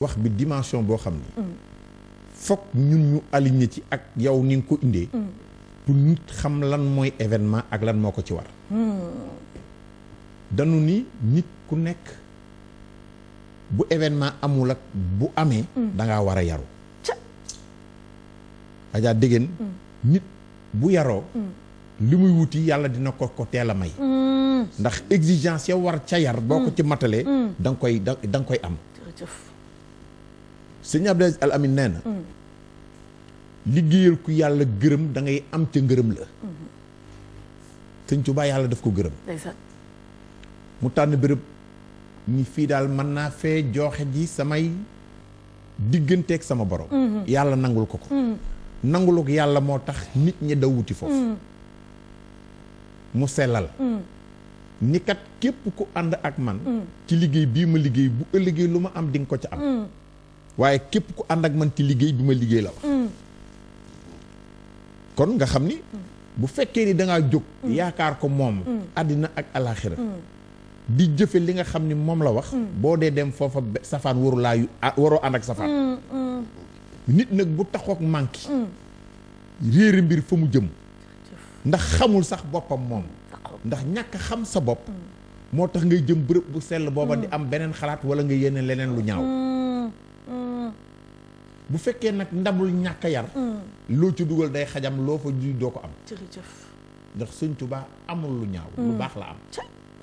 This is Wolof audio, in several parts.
wax bi dimension boo xam ne foog ñun ñu aligné ci ak yow ni nga ko indee mm. pour nit xam lan mooy événement ak lan moo ko ci war mm. danu ni nit ku nekk bu événement amul ak bu amee mm. dangaa war a yaru ajaa déggéen nit bu yaroo li muy wuti yàlla dina ko ko teel a may ndax exigence ya war ca yar boo ko ci matalee da koy da koy am sëñ Abdou Aziz nee na mm. liggéeyal ku yàlla gërëm dangay am ca ngërëm la mm-hmm. sëñ Tuubaa yàlla daf ko gërëm mu tànn bërëb ni fii daal mën naa fee joxe ji samay digganteeg sama borom mm-hmm. yàlla nangul ko ko mm-hmm. nanguluk yàlla moo tax nit ñi da wuti foofu mu sellal ni kat képp ku ànd ak man ci liggéey bii ma liggéey bu ëllëgee lu ma am di ko ca am waye kipku ku and ak man ci liggéey bima ma la mm. kon nga xamni mm. bu fekke ni da nga jog mm. yaakar ko mom adina ak alakhirah di jëfe li nga xamni mom la wax bo dem fofa safan waru la yu ah, waroo and ak safan nit nak bu taxok manki réeri mbir famu jëm ndax xamul sax bopam mom ndax ñak xam sa bop motax ngay jëm bu sel boba di am benen xalaat wala ngay yene lenen lu ñaaw bu fekkee nag ndabul ñàkk yar mm. loo ci dugal day xajam loo fa juy doo ko am jërëjëf ndax sëñ Tuubaa amul lu ñaaw lu mm. baax la am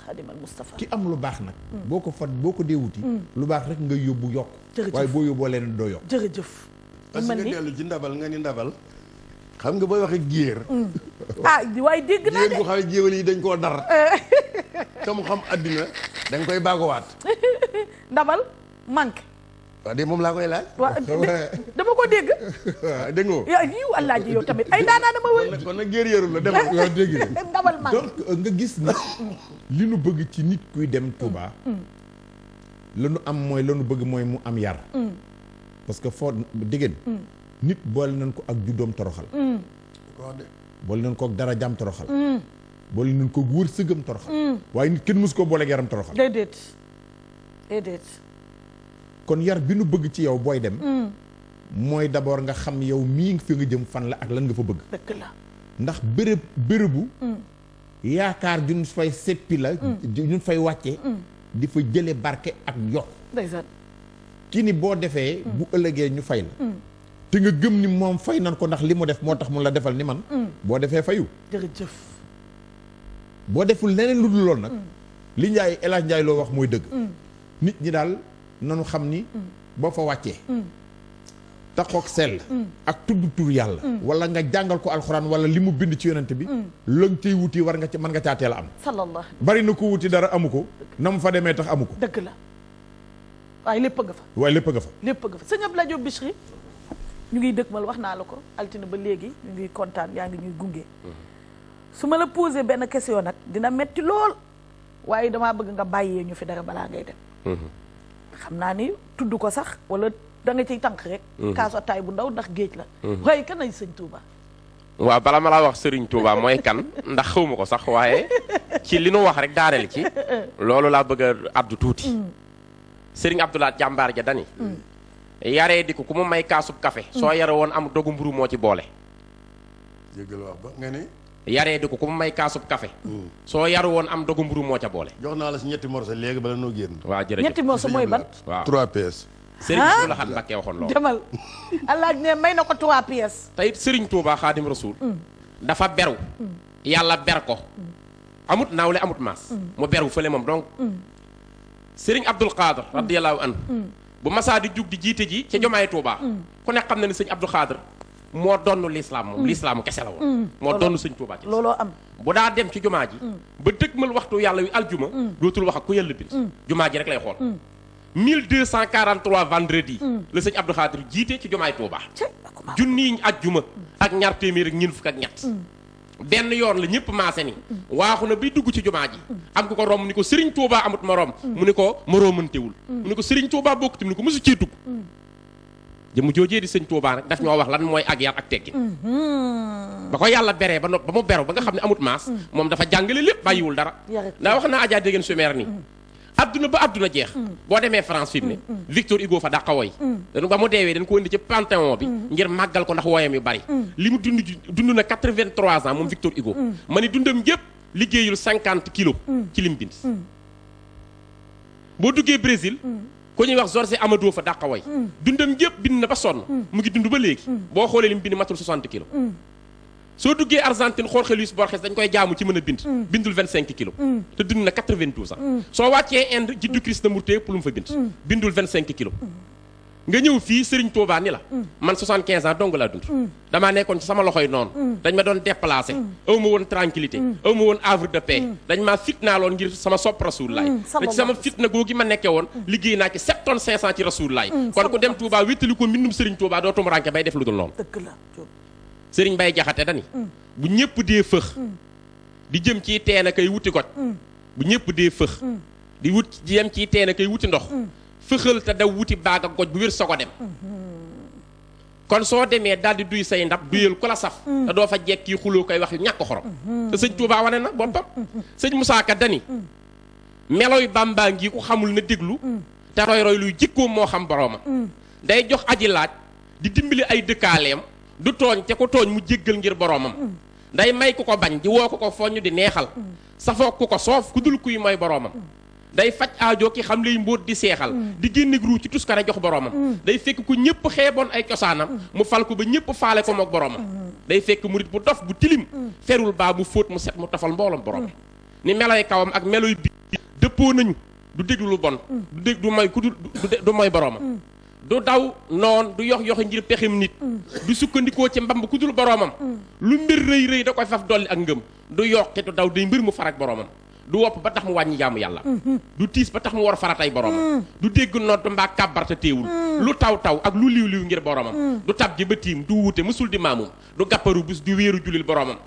Xaadimal Mustafa ki am lu baax nag mm. boo ko fat boo ko dee wuti lu baax rek nga yóbbu yokk waaye boo yóbboo leneen doo yokk jërëjëf jëf que nga dellu ci ndabal nga ni ndabal xam nga booy waxee géer ah waaye dégg naa de yi dañ koo dar eh. te xam àddina dañ koy baagowaat ndabal manque waaw de moom laa koy laaj. dama ko dégg. waaw dégg nga. la euh, nga. gis ni li nu bëgg ci nit kuy dem Touba. Mm. la nu am mooy la nu bëgg mooy mu am yar. Mm. parce que foo mm. nit boole nañ ko ak juddoom toroxal. boole nañ ko ak dara jaam toroxal. boole nañ ko ak wërsëgam toroxal. waaye nit kenn mësu koo booleeg yaram toroxal. déedéet déedéet. kon yar bi nu bëgg ci yow booy dem mm. mooy d'abord nga xam yow mii fi nga jëm fan la ak lan nga fa bëgg dëgg ndax bërëb bërëbu mm. yaakaar juñ fay seppi la mm. juñ fay wàcce di fa jële barke ak yokk ki ni boo defee bu ëllëgee ñu fay la te nga gëm ni moom fay nan ko ndax li mu def moo tax mu la defal ni man boo defee fayu jërëjëf boo deful leneen lu dul lool nag li Ndiaye El Hadj loo wax mooy dëgg nit ñi daal nanu xam ni mm. boo fa wàccee mm. taxoog sell mm. ak tudd tur yàlla wala nga jàngal ko alxuraan wala li mu bind ci yonent bi lën ci wuti war nga ci mën nga caa teel a am bari na ko wuti dara amu ko na mu fa demee tax amu ko dëgg la waaye lépp nga fa waaye lépp nga fa lépp nga fa sëñ Abdoulaye Diop Bichri ñu ngi dëgmal wax naa la ko altine ba léegi ñu ngi kontaan yaa ngi ñuy gunge mm-hmm. su ma la posé benn question nag dina metti lool waaye damaa bëgg nga bàyyee ñu fi dara balaa ngay dem mm-hmm. xam naa ni tudd ko sax wala da nga ciy tànk rek. Mhm. kaasu attaay bu ndaw ndax géej la. Mhm. waaye kan ay sëñ tuuba waa bala ma laa wax sëriñ Touba mooy kan ndax xawma ko sax waaye ci li nu wax rek daaneel ci. loolu laa bëgg a tuuti. Mhm. sëriñ Abdoulaye jàmbaar ja dani yaree di ko ku ma may kaasu kafe. soo yare woon am dogu mburu moo ci boole. yaree di ko ku mu may kaasub café soo yaru woon am dogu mburu moo ca boole jox naa la si ñetti morso léegi bala noo génn waaw jërëjëf ñetti morso mooy ban waaw 3 pièces sëriñ ah? Abdou Lahad Mbacké waxoon loolu demal alaaj na ko 3 pièces te it sëriñ Touba Xaadim Rasuul mm. dafa beru mm. yàlla ber ko mm. amut naawle amut maas mu beru fële moom donc sëriñ Abdul Qadir radiyallahu anhu bu masaa di jug di jiite ji ca jomaay Touba ku ne xam na ne sëriñ Abdul Qadir moo donn lislaam moom mm. lislaam kese la woon mm. moo donn sëñ Tuubaa ci looloo am bu daa dem ci jumaa ji mm. ba dëgmal waxtu yàlla wi aljuma dootul wax ak ku yàlla bind jumaa ji rek lay xool 1243 vendredi la sëñ Abdou Khadir jiite ci jumaay Tuubaa junniy ajjuma ak ñaar téeméeri ak ñeent fukk ak ñett benn yoon la ñëpp maase ni waaxu na bi dugg ci jumaa ji am ku ko mu ni ko sëriñ Tuubaa amut moroom mu ni ko moroomantewul mu ni ko sëriñ Tuubaa bokkut mu ni ko mosu cee dugg jëmu joojee di sëñ Touba nag daf ñoo wax lan mooy ak yar ak teggin mm-hmm. ba ko yàlla beree ba no ba mu beru ba nga xam ne amut maas mm. moom dafa jàngale lépp bàyyiwul dara mm. ndax wax naa Adja Degen Soumer nii mm. adduna ba adduna jeex boo demee France fi mu ne Victor Hugo fa dàqa woy dañu ba mu deewee dañ ko indi ci panthéon bi ngir màggal ko ndax wooyam yu bari li mu dund dund na 83 ans moom Victor Hugo ma ni dundam yëpp liggéeyul cinquante kilos ci lim bind boo duggee Brésil ku ñuy wax Georges Amadou fa dàqa way hmm. dundam yëpp bind na son? sonn hmm. mu ngi dund ba léegi hmm. boo xoolee li mu bind matul 60 kilos soo duggee Argentine Jorge Luis Borges dañ koy jaamu ci mën bind bindul 25 kilos te dund na 92 ans soo wàccee Inde Jiddu Krishnamurti pour lu mu fa bind bindul 25 kilos nga ñëw fii Serigne Touba ni la. Mm. man 75 ans dong laa dund. Mm. damaa nekkoon ci sama loxoy noonu. Mm. dañ ma doon déplacé. aw ma woon tranquillité. aw ma woon havre de paix. dañ maa fitnaaloon ngir sama sopp Rasulullaay. ci sama fitna googi ma nekke woon. liggéey naa ci ton tonnes 500 ci Rasulullaay. kon ku dem Touba wéttali ko mbindum Serigne Touba doo tum ranke bay def lu dul noonu. dëgg la Serigne Baye Jaxate dani bu ñëpp dee fëx. di jëm ci teen a koy wuti goj ñëpp dee fëx. di wut di yem ci teen a wuti ndox. fëxal te daw wuti baag ak goj bu wér soog a dem kon soo demee daal di duy say ndab duyal ku la saf te doo fa jekki xuloo koy wax yu ñàkk xorom te sëñ Tuubaa wane na boppam sëñ Musaa Ka dani melooy Bàmbaa ngi ku xamul na déglu te roy roy luy jikkoom moo xam boroomam day jox aji laaj di dimbali ay dëkkaaleem du tooñ te ku tooñ mu jéggal ngir boromam day may ku ko bañ di woo ku ko foññ di neexal safoo ku ko soof ku dul kuy mooy boroomam day faj aajo ki xam lay mbóot di seexal mm. di génnig ruu ci tuskare jox boromam mm. day fekk ku ñëpp xeeboon ay cosaanam mm. mu fal ko ba ñëpp faale ko mook boromam day fekk murit bu dof bu tilim ferul baa mu fóot mu set mu tafal mboolam boromam ni melay kawam ak meloy bi dëppoo nañu du déglu lu bon du dég du may ku du du mooy boromam du daw noon du yox yoxi ngir pexim nit du sukkandikoo ci mbamb ku dul boromam lu mbir rëy rëy da koy faf dolli ak ngëm du yoqi du daw day mbir mu farak boromam du wopp ba tax mu wàññi jaamu yàlla du tiis ba tax mu war faratay boromam du dégg nodd mbaa kàbbar te téewul lu taw taw ak lu liw liw ngir boromam du tab ji ba tiim du wuute musul di maamum du gàpparu bis du wéeru julil boromam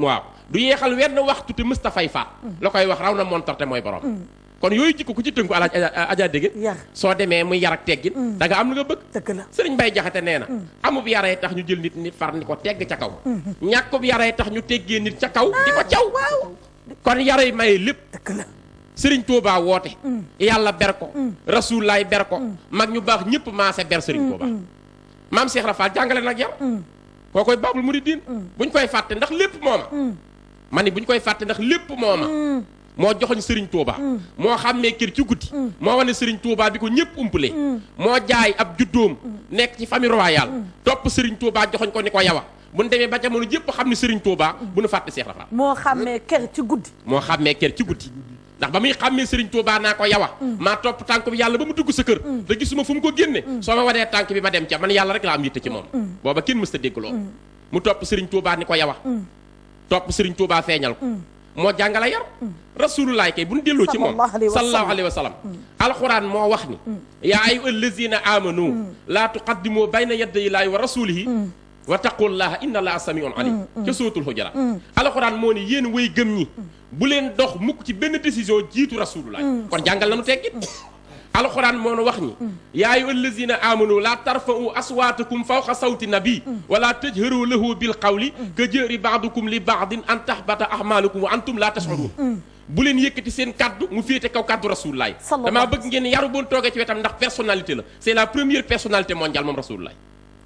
waaw du yeexal wenn waxtu te mustafay faat la koy wax raw na montar te mooy borom mm. kon yooyu jikko ko ci tënku alaaj aja dégg soo demee muy yar ak teggin mm. da nga am lu nga bëgg dëgg la sëriñ Mbay Jaxate nee na mm. amub yaree tax ñu jël nit nit far ni ko tegg ca kaw mm-hmm. ñàkkub yaree tax ñu teggee nit ca kaw di kon yaray maye lépp. dëgg la Serigne woote. Mm. yàlla ber ko. Mm. rasulilah ber ko. Mm. mag ñu baax ñëpp maase ber Serigne Touba. maam Cheikh Rafal jàngale nag yar. koo koy Babul Mouridine. buñ koy fàtte ndax lépp mooma. ma ni buñ koy fàtte ndax lépp mooma. moo joxoñ Serigne Touba. Mm. moo xàmmee kër ci guddi. Mm. moo wane Serigne Touba bi ko ñëpp umpale. Mm. moo jaay ab juddoom. nekk ci famille royale. topp Serigne Touba joxoñ ko ni ko yawa bu ñu demee ba jamono yëpp xam ne Serigne Touba bu nu fàtte Cheikh Rafa. moo xàmmee kër ci guddi. moo xàmmee kër ci guddi. ndax ba muy xàmmee Serigne Touba naa ko yawa maa topp tànk bi yàlla ba mu dugg sa kër te gisuma fu mu ko génne soo ma wanee tànk bi ma dem ca man yàlla rek la am yitte ci moom booba kenn mës ta dégg loolu mu topp Serigne Touba ni ko yawa topp Serigne Touba feeñal ko moo jàngale yar mm. rasulullah kay bu ñu delloo ci moom sallallahu alayhi wa sallam alquran mm. moo wax ni mm. yaa ayyuha allazina amanu laa tuqaddimu bayna yaday illaahi wa rasulihi wa taqullaha inna allaha samiun alim ca sootul hujuraat alquran moo ne yéen way ñi bu leen dox mukk ci benn décision jiitu rasulullah kon jàngal na nu teggit القران مونو واخني يا ايها الذين امنوا لا ترفعوا اصواتكم فوق صوت النبي ولا تجهروا له بالقول كجهر بعضكم لبعض ان تحبط اعمالكم وانتم لا تشعرون بولين ييكتي سين كادو مو فيتي كاو كادو رسول الله دا ما بغ نين يارو بون توغي سي ويتام نده بيرسوناليتي لا سي لا بروميير رسول الله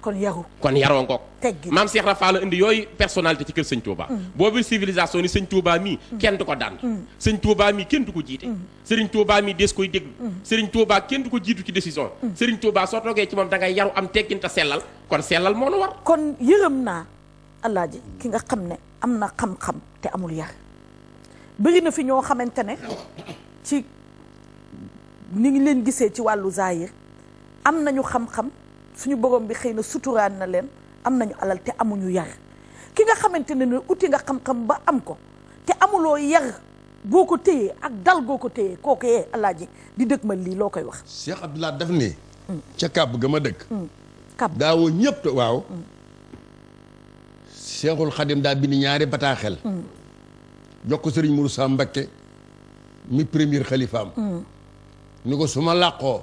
kon yaru kon yaroo ngoog maam Cheikh Rafa la indi yooyu personnalité ci kër sëñ Touba mm. boobu civilisation ni sëñ Touba mii mm. kenn du ko daan mm. sëñ Touba mii kenn du ko jiite sëriñ Touba mii des koy déglu sëriñ Touba kenn du ko jiitu ci décision sëriñ Touba soo toogee ci moom da ngay yaru am tegginta sellal kon sellal moo nu war kon yërëm naa ji ki nga xam ne am na xam-xam te amul yar bëri na fi ñoo xamante ne ci ni ngi leen gisee ci wàllu zaahir am nañu xam-xam suñu borom bi xëy na suturaan na leen am nañu alal te amuñu yar ki nga xamante ne ne uti nga xam-xam ba am ko te amuloo yar goo ko téyee ak dal goo ko téyee kooku yee alaaji di dëkk ma lii loo koy wax. Cheikh Abdoulaye hmm. ca kàbb ga ma dëkk. Hmm. ñëpp waaw. Hmm. Cheikhul Khadim daa bind ñaari bataaxel. jox ko Serigne Moussa Mbakke mi premier xalifaam. ni ko su ma làqoo.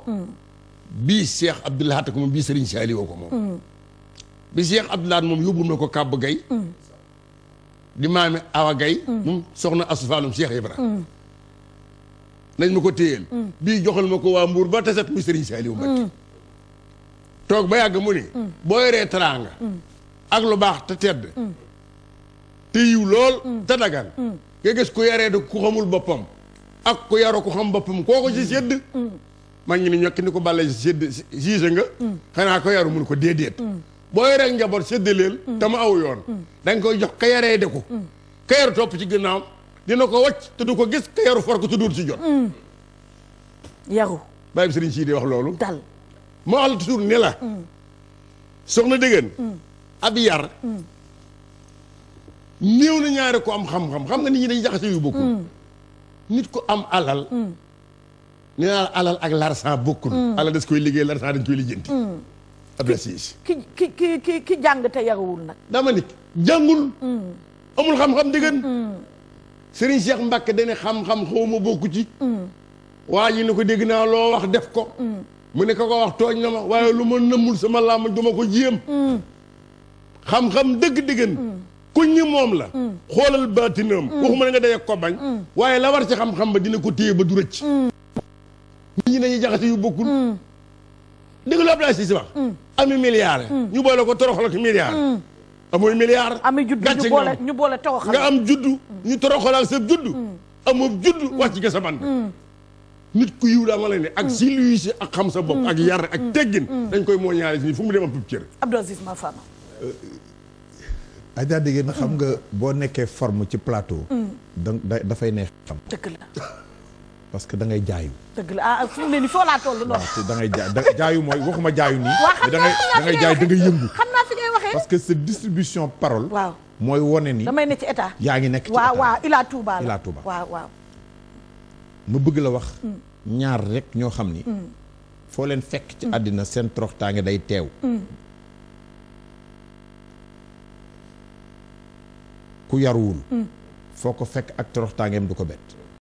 bii Cheikh Abdoul Ahad ko moom bii Serigne Saliou ko moom. Mm. bi Cheikh Abdoul moom yóbbu na ko Kàbb Gay. Mm. di maami Awa Gay. moom mm. soxna Asfaalum Cheikh Ibrahima. nañ ma ko téyeel. bii joxal ma ko waa Mbour ba tasat muy Serigne Saliou Mbacké. toog ba yàgg mu ne. boo yoree teraanga. ak lu baax te tedd. te yiw lool te dagan. nga gis ku yaree ku xamul boppam. ak ku yaru ku xam boppam koo ko ci sedd. ma ngi ni ñokki ni ko bàlle sédd juge nga mm. xanaa ko yaru mun ko déedéet mm. boo yoree njaboot séddaleel mm. tama aw yoon da nga koy jox ka yaree de ko ka yaru topp ci ginnaawam dina ko wacc te du ko gis ka yaru for ko tuddul ci jot yaru bàyyi bi sëriñ sii di wax loolu dal moo wax la toujours ne la soxna dëggan ab yar néew na ñaari ko am xam-xam xam nga nit ñi dañuy jaxase yu bokkul nit ku am alal nee naa alal ak l'argent bokkul. Mm. alal des koy liggéey l'argent dañ koy lijjanti. Mm. adresse ki ki ki ki ki jàng te yaruwul nag. dama ni jàngul. Mm. amul xam-xam dëggan. Serigne ma bokku ci. waa ji ne ko dégg naa loo wax def ko. mu ne ko wax tooñ na ma waaye lu ma nëmmul sama làmm duma ko jéem. xam-xam dëgg dëggan. kuñ ñi moom la. xoolal baatinam. waxuma ne nga day ko bañ. waaye la war ci xam-xam ba dina ko téye ba du rëcc. nit ñi dañuy jaxase yu bokkul. Mm. dëgg la Abdoulaye Cissé wax. Mm. ami milliard. Mm. ñu boole ko toroxal ak milliard. amul milliard. ami juddu ñu boole ñu boole toroxal nga am juddu. ñu toroxal ak sa juddu. amoo juddu wax ci gëstu ku yiw daa ma lay ne ak si luy si ak xam sa bopp. ak yar ak teggin. dañ koy moo ñaari si fu mu dem ab cër. Abdou Aziz ma fama. Euh, xam nga boo nekkee form ci plateau. donc dafay neex xam. dëgg la. parce que da ngay jaayu. deug la ah fu mu ne nii foo laa toll noonu. waaw da ngay jaayu jaayu mooy waxuma jaayu ni da ngay da ngay jaay da ngay yëngu. xamna fi ngay waxe parce que cette distribution parole. waaw moy woné ni. damay ne ci état. yaangi nek ci état waaw waaw Ila Touba la Ila Touba waaw waaw. ma bëgg la wax. Mm. ñaar rek ño xamni mm. fo len fekk ci mm. àddina seen toroxtaange day tew ku yarul foko fekk ak toroxtaangeem du ko bett.